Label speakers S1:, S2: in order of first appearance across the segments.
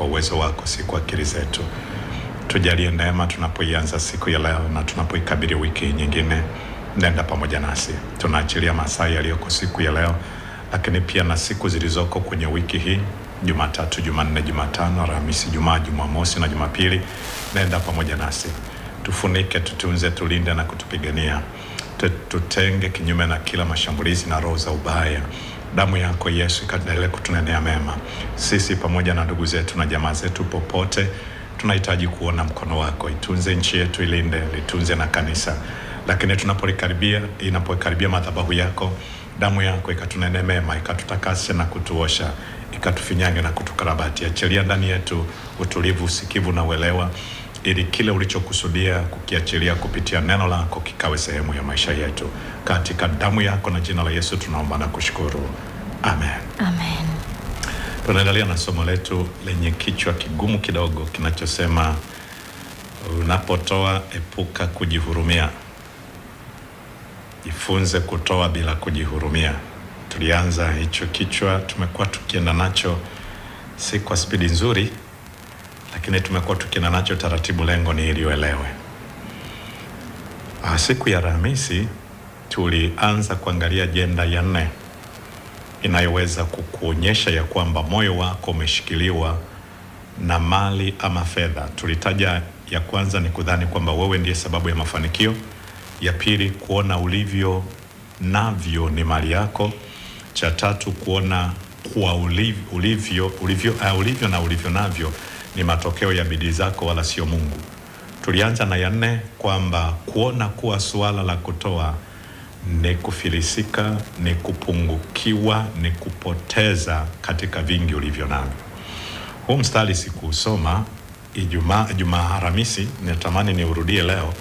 S1: Kwa uwezo wako, si kwa akili zetu. Tujalie neema tunapoianza siku ya leo na tunapoikabili wiki nyingine. Nenda pamoja nasi, tunaachilia masaa yaliyoko siku ya leo, lakini pia na siku zilizoko kwenye wiki hii, Jumatatu, Jumanne, Jumatano, Alhamisi, Jumaa, Jumamosi na Jumapili. Nenda pamoja nasi, tufunike, tutunze, tulinde na kutupigania. Tutenge kinyume na kila mashambulizi na roho za ubaya Damu yako Yesu ikaendelee kutunenea mema sisi pamoja na ndugu zetu na jamaa zetu popote. Tunahitaji kuona mkono wako, itunze nchi yetu, ilinde, litunze na kanisa, lakini tunapolikaribia, inapokaribia madhabahu yako, damu yako ikatunenea mema, ikatutakase na kutuosha, ikatufinyange na kutukarabati. Achilia ndani yetu utulivu, usikivu na uelewa ili kile ulichokusudia kukiachilia kupitia neno lako kikawe sehemu ya maisha yetu. Katika damu yako na jina la Yesu tunaomba na kushukuru. Amen. Amen. Tunaendelea na somo letu lenye kichwa kigumu kidogo kinachosema unapotoa epuka kujihurumia. Jifunze kutoa bila kujihurumia. Tulianza hicho kichwa, tumekuwa tukienda nacho si kwa spidi nzuri, lakini tumekuwa tukienda nacho taratibu. Lengo ni ili uelewe. Ah, siku ya Alhamisi tulianza kuangalia ajenda ya nne inayoweza kukuonyesha ya kwamba moyo wako umeshikiliwa na mali ama fedha. Tulitaja ya kwanza ni kudhani kwamba wewe ndiye sababu ya mafanikio, ya pili kuona ulivyo navyo ni mali yako, cha tatu kuona kuwa ulivyo, ulivyo, ulivyo, uh, ah, ulivyo na ulivyo navyo ni matokeo ya bidii zako wala sio Mungu. Tulianza na ya nne kwamba kuona kuwa suala la kutoa ni kufilisika, ni kupungukiwa, ni kupoteza katika vingi ulivyo navyo. Huu mstari sikuusoma Ijumaa, Ijumaa Alhamisi, natamani niurudie leo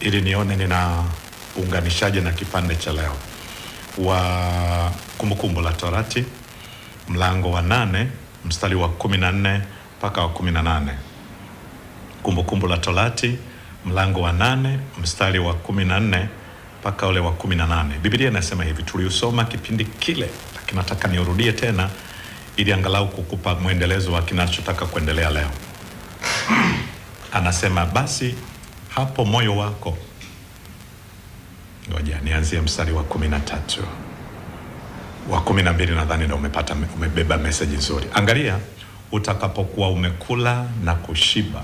S1: ili nione nina unganishaje na kipande cha leo wa Kumbukumbu la Torati mlango wa nane mstari wa kumi na nne mpaka wa kumi na nane Kumbukumbu la Torati mlango wa nane mstari wa kumi na nne mpaka ule wa kumi na nane Biblia inasema hivi, tuliusoma kipindi kile, lakini nataka niurudie tena ili angalau kukupa mwendelezo wa kinachotaka kuendelea leo. Anasema basi hapo moyo wako, ngoja nianzie mstari wa kumi na tatu wa kumi na mbili nadhani ndo umepata, umebeba meseji nzuri. Angalia, utakapokuwa umekula na kushiba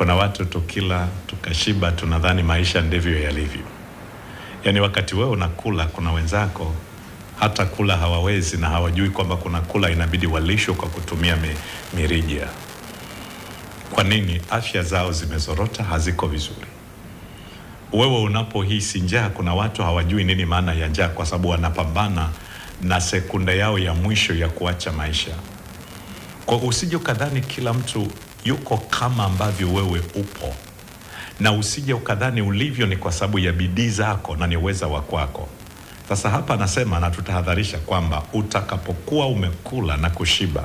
S1: kuna watu tukila tukashiba tunadhani maisha ndivyo yalivyo. Yaani wakati wewe unakula, kuna wenzako hata kula hawawezi na hawajui kwamba kuna kula inabidi walishwe kwa kutumia mirija. Kwa nini? Afya zao zimezorota, haziko vizuri. Wewe unapohisi njaa, kuna watu hawajui nini maana ya njaa, kwa sababu wanapambana na sekunde yao ya mwisho ya kuacha maisha. Kwa usije ukadhani kila mtu yuko kama ambavyo wewe upo, na usije ukadhani ulivyo ni kwa sababu ya bidii zako na ni uweza wa kwako. Sasa hapa anasema na tutahadharisha kwamba utakapokuwa umekula na kushiba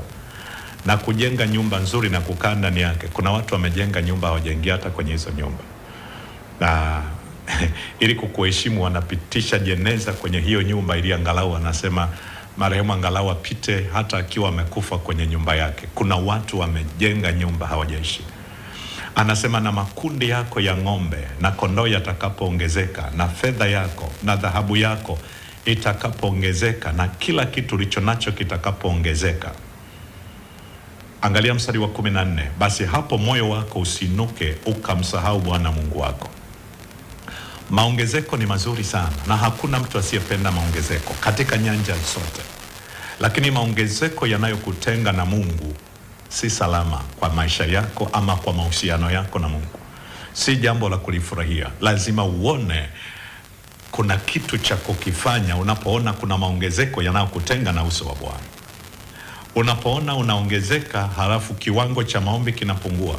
S1: na kujenga nyumba nzuri na kukaa ndani yake, kuna watu wamejenga nyumba hawajaingia hata kwenye hizo nyumba na ili kukuheshimu wanapitisha jeneza kwenye hiyo nyumba ili angalau wanasema marehemu angalau apite hata akiwa amekufa kwenye nyumba yake. Kuna watu wamejenga nyumba hawajaishi. Anasema na makundi yako ya ng'ombe na kondoo yatakapoongezeka, na fedha yako na dhahabu yako itakapoongezeka, na kila kitu ulicho nacho kitakapoongezeka. Angalia mstari wa kumi na nne. Basi hapo moyo wako usinuke ukamsahau Bwana Mungu wako Maongezeko ni mazuri sana na hakuna mtu asiyependa maongezeko katika nyanja zote, lakini maongezeko yanayokutenga na Mungu si salama kwa maisha yako ama kwa mahusiano yako na Mungu. Si jambo la kulifurahia. Lazima uone kuna kitu cha kukifanya unapoona kuna maongezeko yanayokutenga na uso wa Bwana. Unapoona unaongezeka halafu kiwango cha maombi kinapungua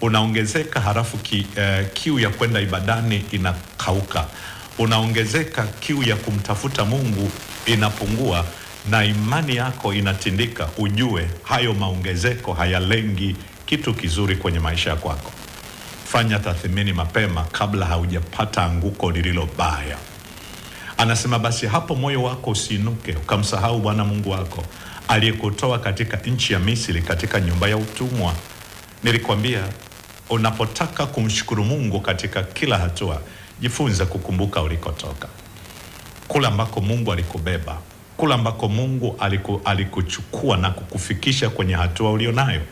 S1: unaongezeka, halafu ki, eh, kiu ya kwenda ibadani inakauka, unaongezeka, kiu ya kumtafuta Mungu inapungua na imani yako inatindika, ujue hayo maongezeko hayalengi kitu kizuri kwenye maisha kwako. Fanya tathmini mapema kabla haujapata anguko lililo baya. Anasema basi hapo moyo wako usiinuke ukamsahau Bwana Mungu wako aliyekutoa katika nchi ya Misri, katika nyumba ya utumwa. Nilikwambia unapotaka kumshukuru Mungu katika kila hatua, jifunze kukumbuka ulikotoka, kule ambako Mungu alikubeba, kule ambako Mungu aliku, alikuchukua na kukufikisha kwenye hatua ulionayo.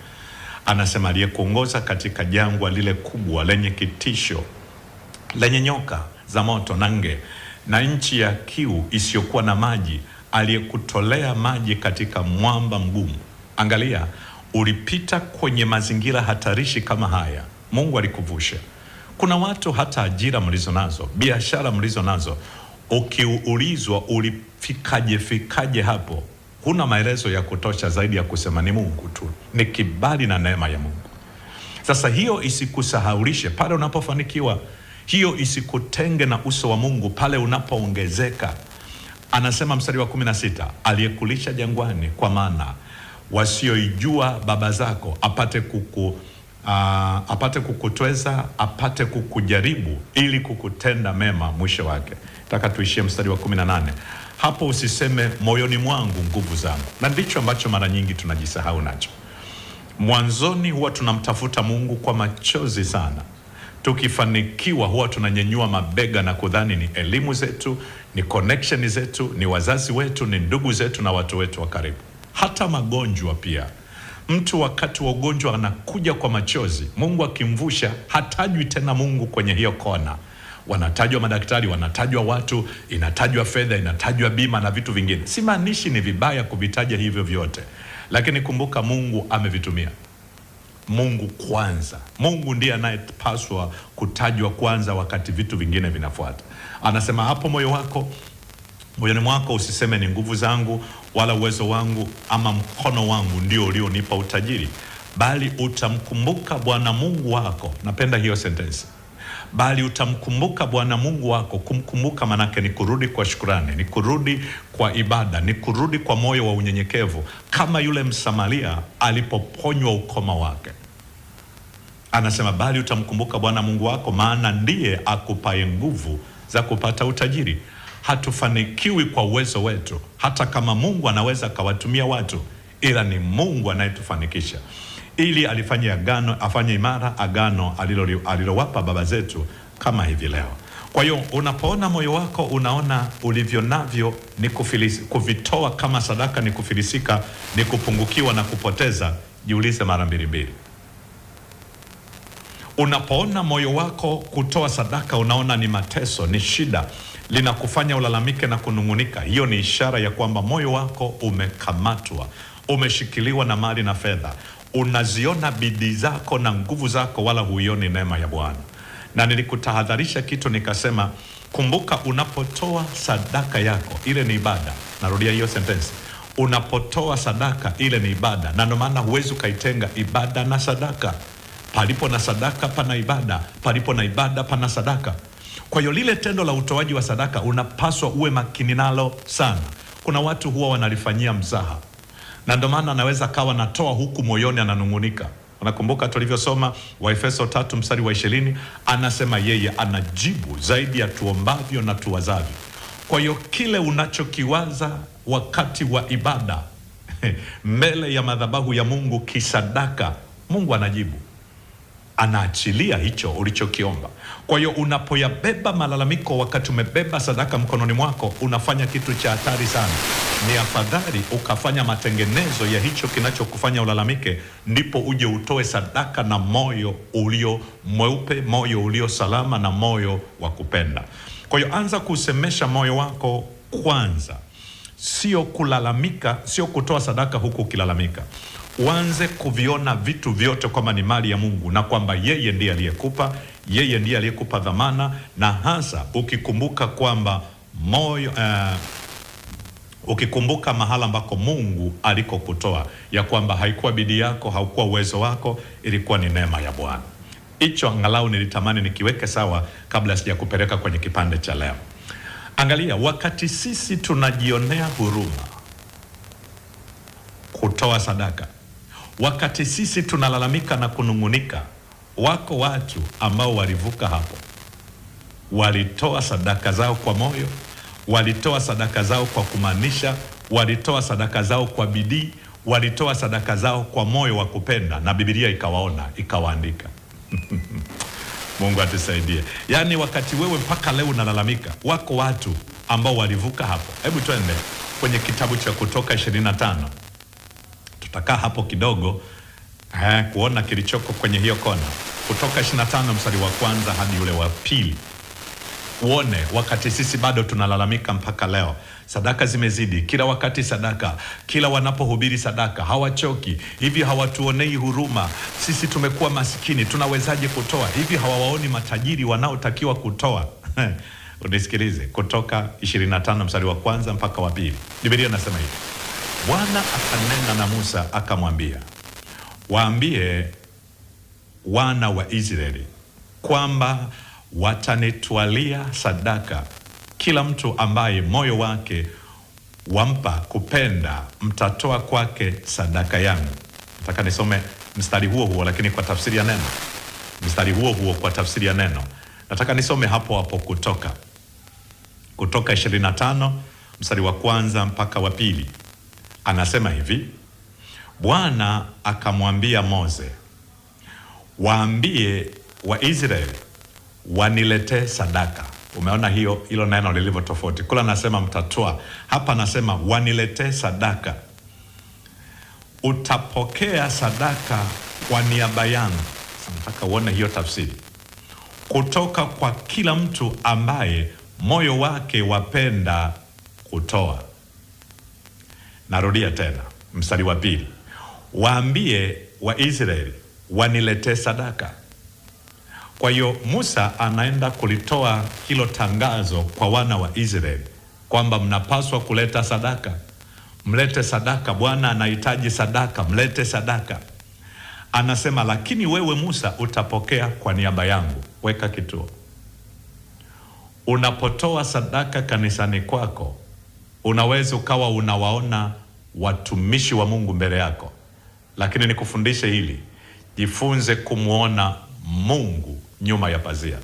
S1: Anasema aliyekuongoza katika jangwa lile kubwa lenye kitisho, lenye nyoka za moto na nge, na nchi ya kiu isiyokuwa na maji, aliyekutolea maji katika mwamba mgumu. Angalia ulipita kwenye mazingira hatarishi kama haya, Mungu alikuvusha. Kuna watu hata ajira mlizo nazo, biashara mlizo nazo, ukiulizwa ulifikaje fikaje hapo, huna maelezo ya kutosha zaidi ya kusema ni Mungu tu, ni kibali na neema ya Mungu. Sasa hiyo isikusahaulishe pale unapofanikiwa, hiyo isikutenge na uso wa Mungu pale unapoongezeka. Anasema mstari wa kumi na sita, aliyekulisha jangwani kwa maana wasioijua baba zako, apate kuku uh, apate kukutweza, apate kukujaribu ili kukutenda mema mwisho wake. Nataka tuishie mstari wa 18. Hapo usiseme moyoni mwangu nguvu zangu. Na ndicho ambacho mara nyingi tunajisahau nacho. Mwanzoni huwa tunamtafuta Mungu kwa machozi sana. Tukifanikiwa huwa tunanyenyua mabega na kudhani ni elimu zetu, ni connection zetu, ni wazazi wetu, ni ndugu zetu na watu wetu wa karibu hata magonjwa pia. Mtu wakati wa ugonjwa anakuja kwa machozi, Mungu akimvusha hatajwi tena Mungu kwenye hiyo kona. Wanatajwa madaktari, wanatajwa watu, inatajwa fedha, inatajwa bima na vitu vingine. Simaanishi ni vibaya kuvitaja hivyo vyote, lakini kumbuka Mungu amevitumia. Mungu kwanza. Mungu ndiye anayepaswa kutajwa kwanza, wakati vitu vingine vinafuata. Anasema hapo moyo wako moyoni mwako usiseme ni nguvu zangu wala uwezo wangu ama mkono wangu ndio ulionipa utajiri, bali utamkumbuka Bwana Mungu wako. Napenda hiyo sentensi bali utamkumbuka Bwana Mungu wako. Kumkumbuka manake ni kurudi kwa shukurani, ni kurudi kwa ibada, ni kurudi kwa moyo wa unyenyekevu, kama yule Msamaria alipoponywa ukoma wake. Anasema bali utamkumbuka Bwana Mungu wako, maana ndiye akupaye nguvu za kupata utajiri hatufanikiwi kwa uwezo wetu, hata kama Mungu anaweza akawatumia watu, ila ni Mungu anayetufanikisha. Ili alifanya agano, afanye imara agano alilowapa baba zetu, kama hivi leo. Kwa hiyo unapoona moyo wako unaona ulivyo navyo ni kufilisi, kuvitoa kama sadaka ni kufilisika, ni kupungukiwa na kupoteza, jiulize mara mbili mbili. Unapoona moyo wako kutoa sadaka unaona ni mateso, ni shida, linakufanya ulalamike na kunung'unika, hiyo ni ishara ya kwamba moyo wako umekamatwa, umeshikiliwa na mali na fedha. Unaziona bidii zako na nguvu zako, wala huioni neema ya Bwana. Na nilikutahadharisha kitu nikasema, kumbuka, unapotoa sadaka yako, ile ni ibada. Narudia hiyo sentensi, unapotoa sadaka, ile ni ibada, na ndio maana huwezi ukaitenga ibada na sadaka. Palipo na sadaka pana ibada, palipo na ibada pana sadaka. Kwa hiyo lile tendo la utoaji wa sadaka unapaswa uwe makini nalo sana. Kuna watu huwa wanalifanyia mzaha, na ndio maana anaweza kawa natoa huku moyoni ananung'unika. Unakumbuka tulivyosoma Waefeso tatu mstari wa ishirini, anasema yeye anajibu zaidi ya tuombavyo na tuwazavyo. Kwa hiyo kile unachokiwaza wakati wa ibada mbele ya madhabahu ya Mungu kisadaka, Mungu anajibu anaachilia hicho ulichokiomba. Kwa hiyo unapoyabeba malalamiko wakati umebeba sadaka mkononi mwako, unafanya kitu cha hatari sana. Ni afadhali ukafanya matengenezo ya hicho kinachokufanya ulalamike, ndipo uje utoe sadaka na moyo ulio mweupe, moyo ulio salama na moyo wa kupenda. Kwa hiyo anza kusemesha moyo wako kwanza, sio kulalamika, sio kutoa sadaka huku ukilalamika uanze kuviona vitu vyote kwamba ni mali ya Mungu na kwamba yeye ndiye aliyekupa, yeye ndiye aliyekupa dhamana, na hasa ukikumbuka kwamba moyo uh, ukikumbuka mahala ambako Mungu alikokutoa, ya kwamba haikuwa bidii yako, haukuwa uwezo wako, ilikuwa ni neema ya Bwana. Hicho angalau nilitamani nikiweke sawa kabla sijakupeleka kwenye kipande cha leo. Angalia, wakati sisi tunajionea huruma kutoa sadaka Wakati sisi tunalalamika na kunung'unika, wako watu ambao walivuka hapo, walitoa sadaka zao kwa moyo, walitoa sadaka zao kwa kumaanisha, walitoa sadaka zao kwa bidii, walitoa sadaka zao kwa moyo wa kupenda, na Biblia ikawaona ikawaandika. Mungu atusaidie. Yaani, wakati wewe mpaka leo unalalamika, wako watu ambao walivuka hapo. Hebu twende kwenye kitabu cha Kutoka 25 tutakaa hapo kidogo eh, kuona kilichoko kwenye hiyo kona, Kutoka 25 mstari wa kwanza hadi ule wa pili, uone wakati sisi bado tunalalamika mpaka leo. Sadaka zimezidi kila wakati, sadaka kila wanapohubiri sadaka hawachoki. Hivi hawatuonei huruma sisi? Tumekuwa masikini, tunawezaje kutoa? Hivi hawawaoni matajiri wanaotakiwa kutoa? Unisikilize, Kutoka 25 mstari wa kwanza mpaka wa pili, Biblia inasema hivi Bwana akanena na Musa akamwambia, waambie wana wa Israeli kwamba watanitwalia sadaka kila mtu ambaye moyo wake wampa kupenda, mtatoa kwake sadaka yangu. Nataka nisome mstari huo huo lakini kwa tafsiri ya neno, mstari huo huo kwa tafsiri ya neno. Nataka nisome hapo hapo Kutoka, Kutoka 25 mstari wa kwanza mpaka wa pili anasema hivi, Bwana akamwambia Mose, waambie Waisraeli waniletee sadaka. Umeona hiyo hilo neno lilivyo tofauti. Kula anasema mtatoa, hapa anasema waniletee sadaka. Utapokea sadaka kwa niaba yangu. Nataka uone hiyo tafsiri kutoka kwa kila mtu ambaye moyo wake wapenda kutoa. Narudia tena mstari wa pili, waambie Waisraeli waniletee sadaka. Kwa hiyo Musa anaenda kulitoa hilo tangazo kwa wana wa Israeli kwamba mnapaswa kuleta sadaka, mlete sadaka, Bwana anahitaji sadaka, mlete sadaka. Anasema, lakini wewe Musa utapokea kwa niaba yangu. Weka kituo unapotoa sadaka kanisani kwako Unaweza ukawa unawaona watumishi wa Mungu mbele yako, lakini nikufundishe hili, jifunze kumwona Mungu nyuma ya pazia,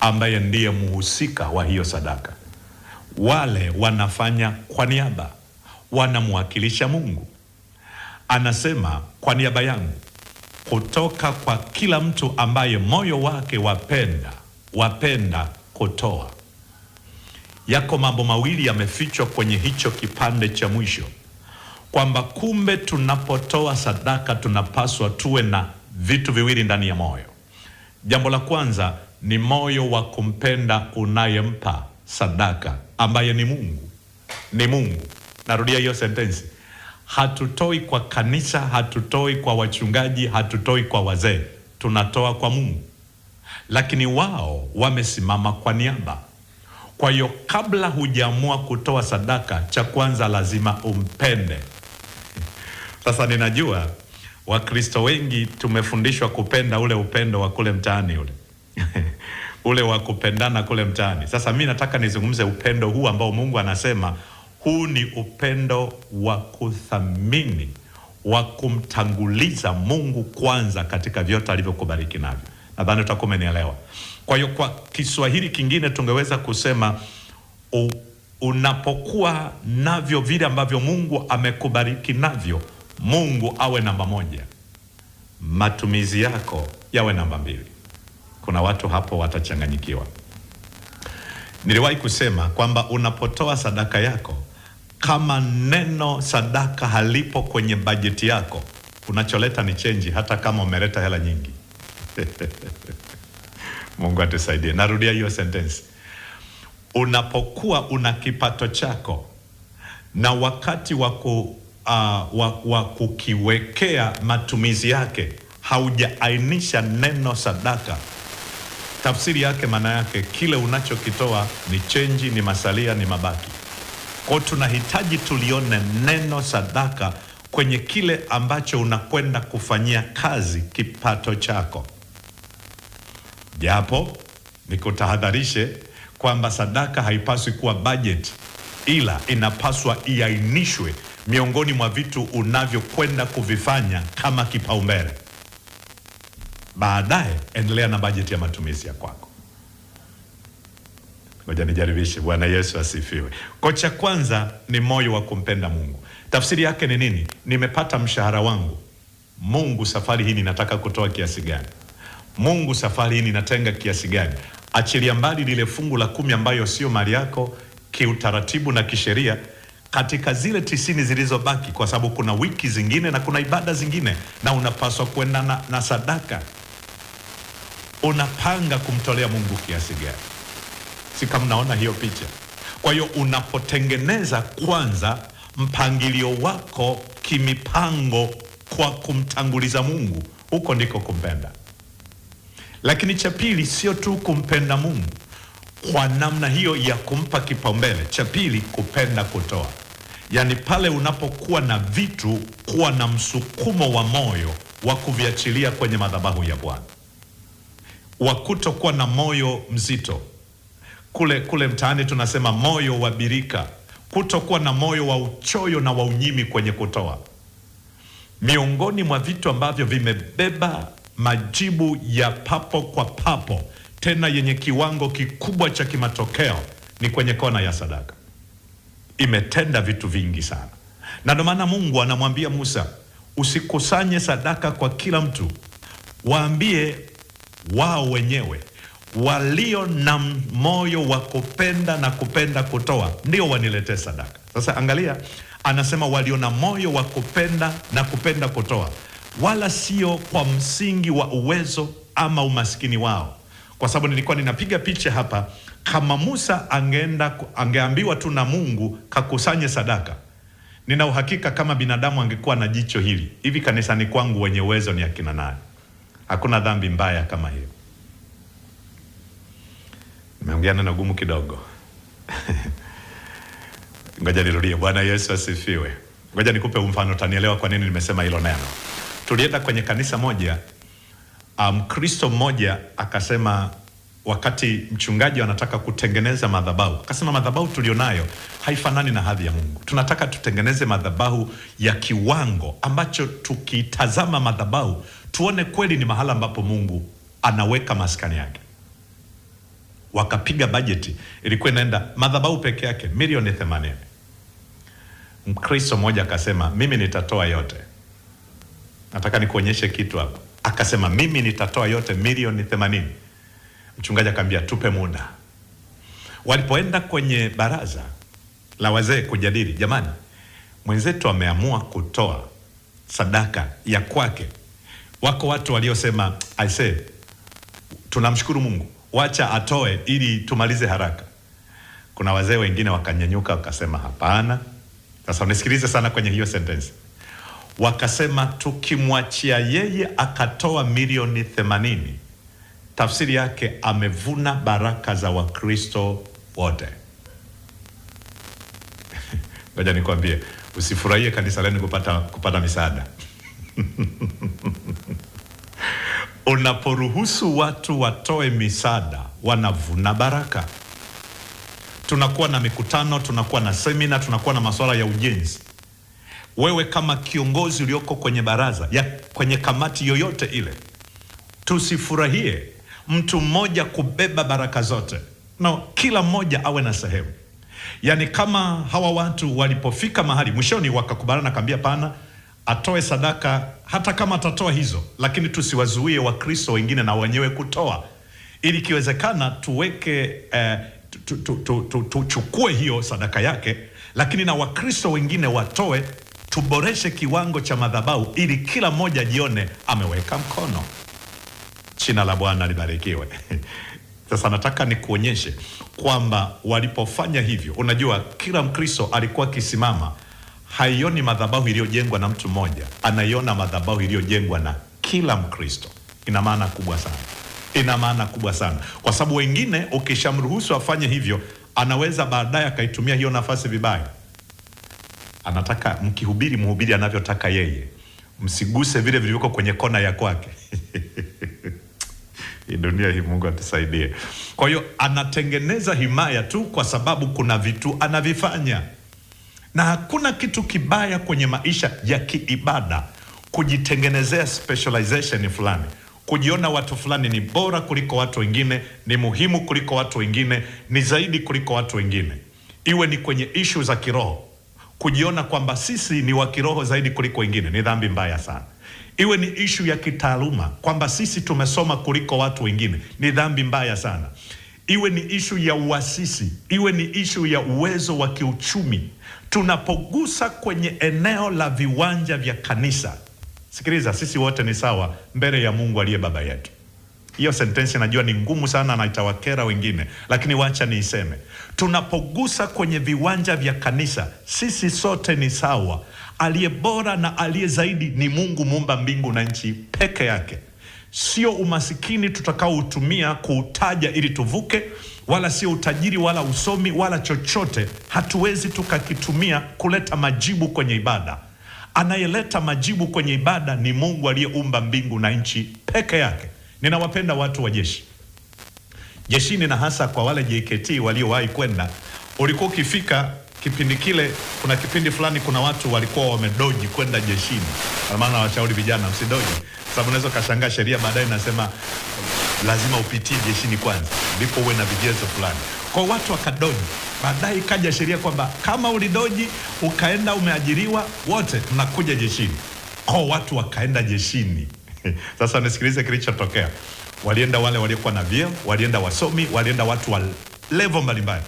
S1: ambaye ndiye mhusika wa hiyo sadaka. Wale wanafanya kwa niaba, wanamwakilisha Mungu. Anasema kwa niaba yangu, kutoka kwa kila mtu ambaye moyo wake wapenda wapenda kutoa yako mambo mawili yamefichwa kwenye hicho kipande cha mwisho, kwamba kumbe tunapotoa sadaka tunapaswa tuwe na vitu viwili ndani ya moyo. Jambo la kwanza ni moyo wa kumpenda unayempa sadaka, ambaye ni Mungu. Ni Mungu, narudia hiyo sentensi. Hatutoi kwa kanisa, hatutoi kwa wachungaji, hatutoi kwa wazee, tunatoa kwa Mungu. Lakini wao wamesimama kwa niaba kwa hiyo kabla hujaamua kutoa sadaka, cha kwanza lazima umpende. Sasa ninajua Wakristo wengi tumefundishwa kupenda ule upendo wa kule mtaani ule ule wa kupendana kule mtaani. Sasa mi nataka nizungumze upendo huu ambao Mungu anasema huu ni upendo wa kuthamini, wa kumtanguliza Mungu kwanza katika vyote alivyokubariki navyo. Nadhani utakuwa umenielewa. Kwa hiyo kwa Kiswahili kingine tungeweza kusema u, unapokuwa navyo vile ambavyo Mungu amekubariki navyo, Mungu awe namba moja, matumizi yako yawe namba mbili. Kuna watu hapo watachanganyikiwa. Niliwahi kusema kwamba unapotoa sadaka yako, kama neno sadaka halipo kwenye bajeti yako, unacholeta ni chenji, hata kama umeleta hela nyingi Mungu atusaidie. Narudia hiyo sentensi, unapokuwa una kipato chako na wakati ku uh, wa, wa kukiwekea matumizi yake haujaainisha neno sadaka, tafsiri yake, maana yake kile unachokitoa ni chenji, ni masalia, ni mabaki. Kwa tunahitaji tulione neno sadaka kwenye kile ambacho unakwenda kufanyia kazi kipato chako japo nikutahadharishe kwamba sadaka haipaswi kuwa bajeti, ila inapaswa iainishwe miongoni mwa vitu unavyokwenda kuvifanya kama kipaumbele. Baadaye endelea na bajeti ya matumizi ya kwako. Ngoja nijaribishe. Bwana Yesu asifiwe. kocha kwanza ni moyo wa kumpenda Mungu. Tafsiri yake ni nini? Nimepata mshahara wangu, Mungu safari hii ninataka kutoa kiasi gani? Mungu safari hii ninatenga kiasi gani? Achilia mbali lile fungu la kumi ambayo sio mali yako kiutaratibu na kisheria, katika zile tisini zilizobaki, kwa sababu kuna wiki zingine na kuna ibada zingine, na unapaswa kwenda na, na sadaka. Unapanga kumtolea Mungu kiasi gani? Si kama mnaona hiyo picha. Kwa hiyo unapotengeneza kwanza mpangilio wako kimipango kwa kumtanguliza Mungu, huko ndiko kumpenda. Lakini cha pili, sio tu kumpenda Mungu kwa namna hiyo ya kumpa kipaumbele. Cha pili, kupenda kutoa, yaani pale unapokuwa na vitu, kuwa na msukumo wa moyo wa kuviachilia kwenye madhabahu ya Bwana, wa kutokuwa na moyo mzito. Kule kule mtaani tunasema moyo wa birika, kutokuwa na moyo wa uchoyo na wa unyimi kwenye kutoa. Miongoni mwa vitu ambavyo vimebeba majibu ya papo kwa papo tena yenye kiwango kikubwa cha kimatokeo ni kwenye kona ya sadaka. Imetenda vitu vingi sana, na ndio maana Mungu anamwambia Musa, usikusanye sadaka kwa kila mtu, waambie wao wenyewe walio na moyo wa kupenda na kupenda kutoa ndio waniletee sadaka. Sasa angalia, anasema walio na moyo wa kupenda na kupenda kutoa wala sio kwa msingi wa uwezo ama umaskini wao, kwa sababu nilikuwa ninapiga picha hapa. Kama Musa angeenda angeambiwa tu na Mungu kakusanye sadaka, nina uhakika kama binadamu angekuwa na jicho hili hivi, kanisani kwangu wenye uwezo ni akina nani? Hakuna dhambi mbaya kama hiyo. Nimeongea na gumu kidogo ngoja nirudie. Bwana Yesu asifiwe. Ngoja nikupe mfano, utanielewa kwa nini nimesema hilo neno tulienda kwenye kanisa moja, Mkristo um, mmoja akasema wakati mchungaji anataka kutengeneza madhabahu akasema, madhabahu tulionayo haifanani na hadhi ya Mungu. Tunataka tutengeneze madhabahu ya kiwango ambacho tukitazama madhabahu tuone kweli ni mahala ambapo Mungu anaweka maskani yake. Wakapiga bajeti, ilikuwa inaenda madhabahu peke yake milioni themanini. Mkristo mmoja akasema, mimi nitatoa yote nataka nikuonyeshe kitu hapa. Akasema mimi nitatoa yote milioni themanini. Mchungaji akaambia tupe muda. Walipoenda kwenye baraza la wazee kujadili, jamani, mwenzetu ameamua kutoa sadaka ya kwake. Wako watu waliosema I tunamshukuru Mungu, wacha atoe ili tumalize haraka. Kuna wazee wengine wakanyanyuka wakasema hapana. Sasa unisikilize sana kwenye hiyo sentensi wakasema tukimwachia yeye akatoa milioni themanini, tafsiri yake amevuna baraka za Wakristo wote. Ngoja nikwambie, usifurahie kanisa lenu kupata, kupata misaada Unaporuhusu watu watoe misaada, wanavuna baraka. Tunakuwa na mikutano, tunakuwa na semina, tunakuwa na masuala ya ujenzi wewe kama kiongozi ulioko kwenye baraza ya kwenye kamati yoyote ile, tusifurahie mtu mmoja kubeba baraka zote. No, kila mmoja awe na sehemu. Yaani, kama hawa watu walipofika mahali mwishoni wakakubaliana, kaambia pana atoe sadaka, hata kama atatoa hizo, lakini tusiwazuie Wakristo wengine na wenyewe kutoa, ili ikiwezekana tuweke eh, tuchukue hiyo sadaka yake, lakini na Wakristo wengine watoe tuboreshe kiwango cha madhabahu ili kila mmoja jione ameweka mkono. Jina la Bwana libarikiwe. Sasa nataka nikuonyeshe kwamba walipofanya hivyo, unajua kila Mkristo alikuwa akisimama, haioni madhabahu iliyojengwa na mtu mmoja, anaiona madhabahu iliyojengwa na kila Mkristo. Ina maana kubwa sana, ina maana kubwa sana, kwa sababu wengine ukishamruhusu afanye hivyo, anaweza baadaye akaitumia hiyo nafasi vibaya anataka mkihubiri, mhubiri anavyotaka yeye, msiguse vile vilivyoko kwenye kona ya kwake dunia hii, Mungu atusaidie. Kwa hiyo anatengeneza himaya tu, kwa sababu kuna vitu anavifanya, na hakuna kitu kibaya kwenye maisha ya kiibada kujitengenezea specialization fulani, kujiona watu fulani ni bora kuliko watu wengine, ni muhimu kuliko watu wengine, ni zaidi kuliko watu wengine, iwe ni kwenye ishu za kiroho kujiona kwamba sisi ni wa kiroho zaidi kuliko wengine ni dhambi mbaya sana. Iwe ni ishu ya kitaaluma kwamba sisi tumesoma kuliko watu wengine ni dhambi mbaya sana. Iwe ni ishu ya uasisi, iwe ni ishu ya uwezo wa kiuchumi. Tunapogusa kwenye eneo la viwanja vya kanisa, sikiliza, sisi wote ni sawa mbele ya Mungu aliye baba yetu. Hiyo sentensi najua ni ngumu sana na itawakera wengine, lakini wacha niiseme. Tunapogusa kwenye viwanja vya kanisa, sisi sote ni sawa. Aliye bora na aliye zaidi ni Mungu muumba mbingu na nchi peke yake. Sio umasikini tutakaoutumia kuutaja ili tuvuke, wala sio utajiri wala usomi wala chochote. Hatuwezi tukakitumia kuleta majibu kwenye ibada. Anayeleta majibu kwenye ibada ni Mungu aliyeumba mbingu na nchi peke yake. Ninawapenda watu wa jeshi jeshini, na hasa kwa wale JKT waliowahi kwenda, ulikuwa ukifika kipindi kile, kuna kipindi fulani, kuna watu walikuwa wamedoji kwenda jeshini. Kwa maana washauri vijana msidoji, sababu unaweza ukashangaa sheria baadaye inasema lazima upitie jeshini kwanza ndipo uwe na vigezo fulani. Kwa watu wakadoji, baadaye ikaja sheria kwamba kama ulidoji ukaenda umeajiriwa, wote mnakuja jeshini. Kwa watu wakaenda jeshini. Sasa nisikilize kilichotokea. Walienda wale waliokuwa na vyeo, walienda wasomi, walienda watu wa level mbalimbali.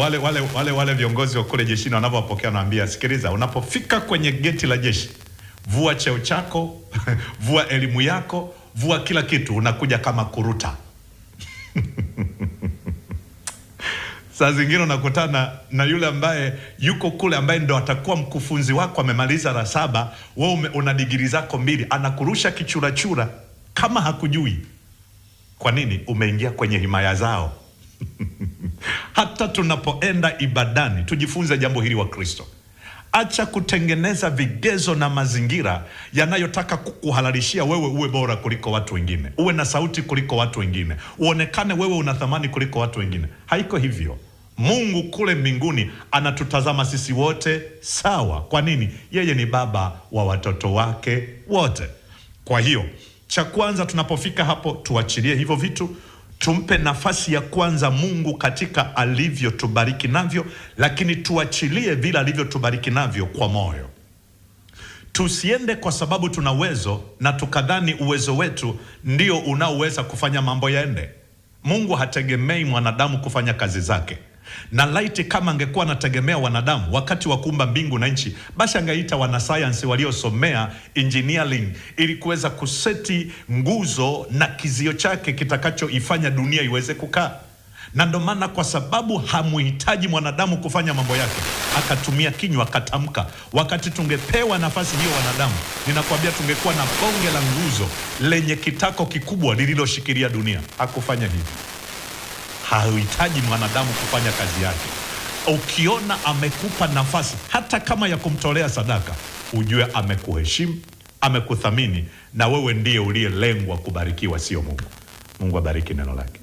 S1: Wale, wale, wale, wale viongozi wa kule jeshini wanavyowapokea wanawambia sikiliza, unapofika kwenye geti la jeshi vua cheo chako vua elimu yako vua kila kitu, unakuja kama kuruta saa zingine unakutana na yule ambaye yuko kule ambaye ndo atakuwa mkufunzi wako, amemaliza la saba, wewe una digiri zako mbili, anakurusha kichurachura kama hakujui. Kwa nini? Umeingia kwenye himaya zao. Hata tunapoenda ibadani tujifunze jambo hili, wa Kristo. Acha kutengeneza vigezo na mazingira yanayotaka kukuhalalishia wewe uwe bora kuliko watu wengine, uwe na sauti kuliko watu wengine, uonekane wewe una thamani kuliko watu wengine. Haiko hivyo. Mungu kule mbinguni anatutazama sisi wote sawa. Kwa nini? Yeye ni baba wa watoto wake wote. Kwa hiyo cha kwanza tunapofika hapo, tuachilie hivyo vitu, tumpe nafasi ya kwanza Mungu katika alivyotubariki navyo, lakini tuachilie vile alivyotubariki navyo kwa moyo. Tusiende kwa sababu tuna uwezo na tukadhani uwezo wetu ndio unaoweza kufanya mambo yaende. Mungu hategemei mwanadamu kufanya kazi zake na laiti kama angekuwa anategemea wanadamu wakati wa kuumba mbingu na nchi, basi angeita wanasayansi waliosomea engineering ili kuweza kuseti nguzo na kizio chake kitakachoifanya dunia iweze kukaa. Na ndo maana kwa sababu hamuhitaji mwanadamu kufanya mambo yake, akatumia kinywa akatamka. Wakati tungepewa nafasi hiyo wanadamu, ninakwambia tungekuwa na bonge la nguzo lenye kitako kikubwa lililoshikilia dunia. Hakufanya hivyo hauhitaji mwanadamu kufanya kazi yake. Ukiona amekupa nafasi hata kama ya kumtolea sadaka, ujue amekuheshimu, amekuthamini, na wewe ndiye uliyelengwa kubarikiwa, sio Mungu. Mungu abariki neno lake.